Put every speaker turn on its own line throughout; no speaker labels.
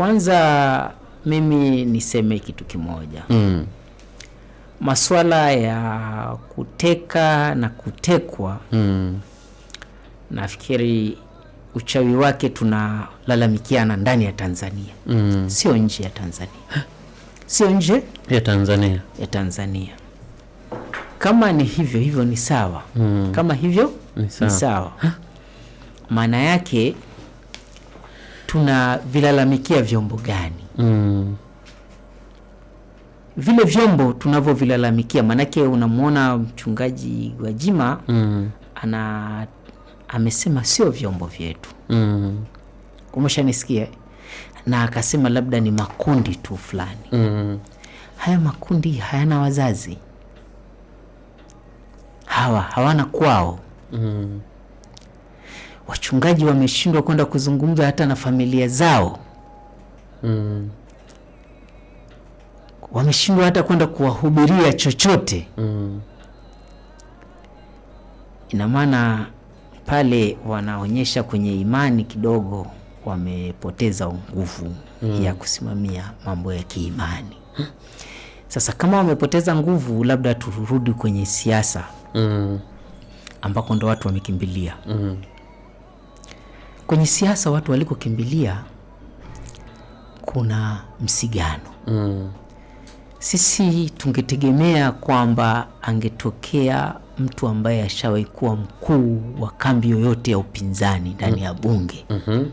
Kwanza mimi niseme kitu kimoja mm. maswala ya kuteka na kutekwa mm. Nafikiri uchawi wake tunalalamikiana ndani ya Tanzania mm. Sio nje ya Tanzania, sio nje
ya Tanzania,
ya Tanzania. Kama ni hivyo hivyo ni sawa mm. Kama hivyo
ni sawa,
maana yake tunavilalamikia vyombo gani? mm. Vile vyombo tunavyovilalamikia, maanake unamwona mchungaji jima mm. ana amesema sio vyombo vyetu mm. Umeshanisikia? na akasema labda ni makundi tu fulani mm. Haya makundi hayana wazazi, hawa hawana kwao mm wachungaji wameshindwa kwenda kuzungumza hata na familia zao mm. wameshindwa hata kwenda kuwahubiria chochote mm. ina maana pale wanaonyesha kwenye imani kidogo wamepoteza nguvu mm. ya kusimamia mambo ya kiimani. Sasa kama wamepoteza nguvu, labda turudi kwenye siasa mm. ambako ndo watu wamekimbilia mm. Kwenye siasa watu walikokimbilia kuna msigano mm. Sisi tungetegemea kwamba angetokea mtu ambaye ashawahi kuwa mkuu wa kambi yoyote ya upinzani ndani mm. ya bunge mm -hmm.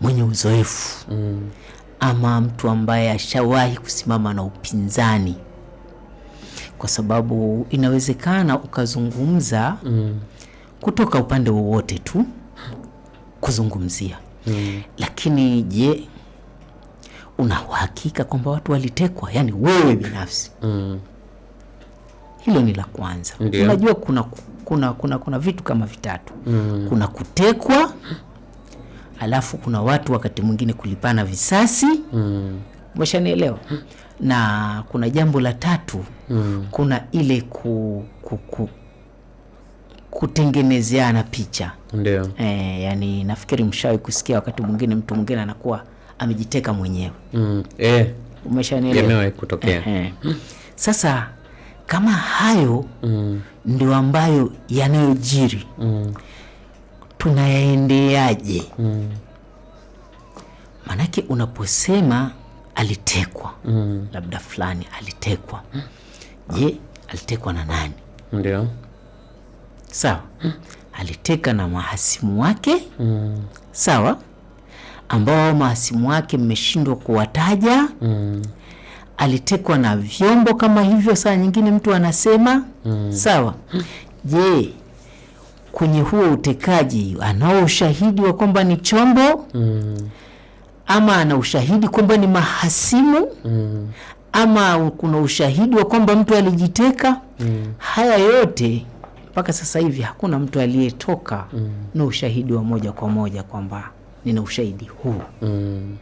mwenye uzoefu mm. ama mtu ambaye ashawahi kusimama na upinzani, kwa sababu inawezekana ukazungumza mm. kutoka upande wowote tu kuzungumzia mm. Lakini je, una uhakika kwamba watu walitekwa? Yani wewe binafsi mm. Hilo ni la kwanza. yeah. Unajua kuna, kuna, kuna, kuna vitu kama vitatu mm. Kuna kutekwa, alafu kuna watu wakati mwingine kulipana visasi mm. na kuna jambo la tatu mm. Kuna ile ku, ku, ku, kutengenezeana picha ndio. eh, yani nafikiri mshawahi kusikia wakati mwingine mtu mwingine anakuwa amejiteka mwenyewe
mm, eh, kutokea
eh, eh. Sasa kama hayo mm. ndio ambayo yanayojiri mm. tunayaendeaje? mm. Maanake unaposema alitekwa mm. labda fulani alitekwa, je, alitekwa na nani? Ndio sawa mm. aliteka na mahasimu wake mm. sawa, ambao mahasimu wake mmeshindwa kuwataja mm. alitekwa na vyombo kama hivyo, saa nyingine mtu anasema mm. sawa mm. Je, kwenye huo utekaji anao ushahidi wa kwamba ni chombo mm. ama ana ushahidi kwamba ni mahasimu mm. ama kuna ushahidi wa kwamba mtu alijiteka mm. haya yote mpaka sasa hivi hakuna mtu aliyetoka mm. na ushahidi wa moja kwa moja kwamba nina ushahidi huu
mm.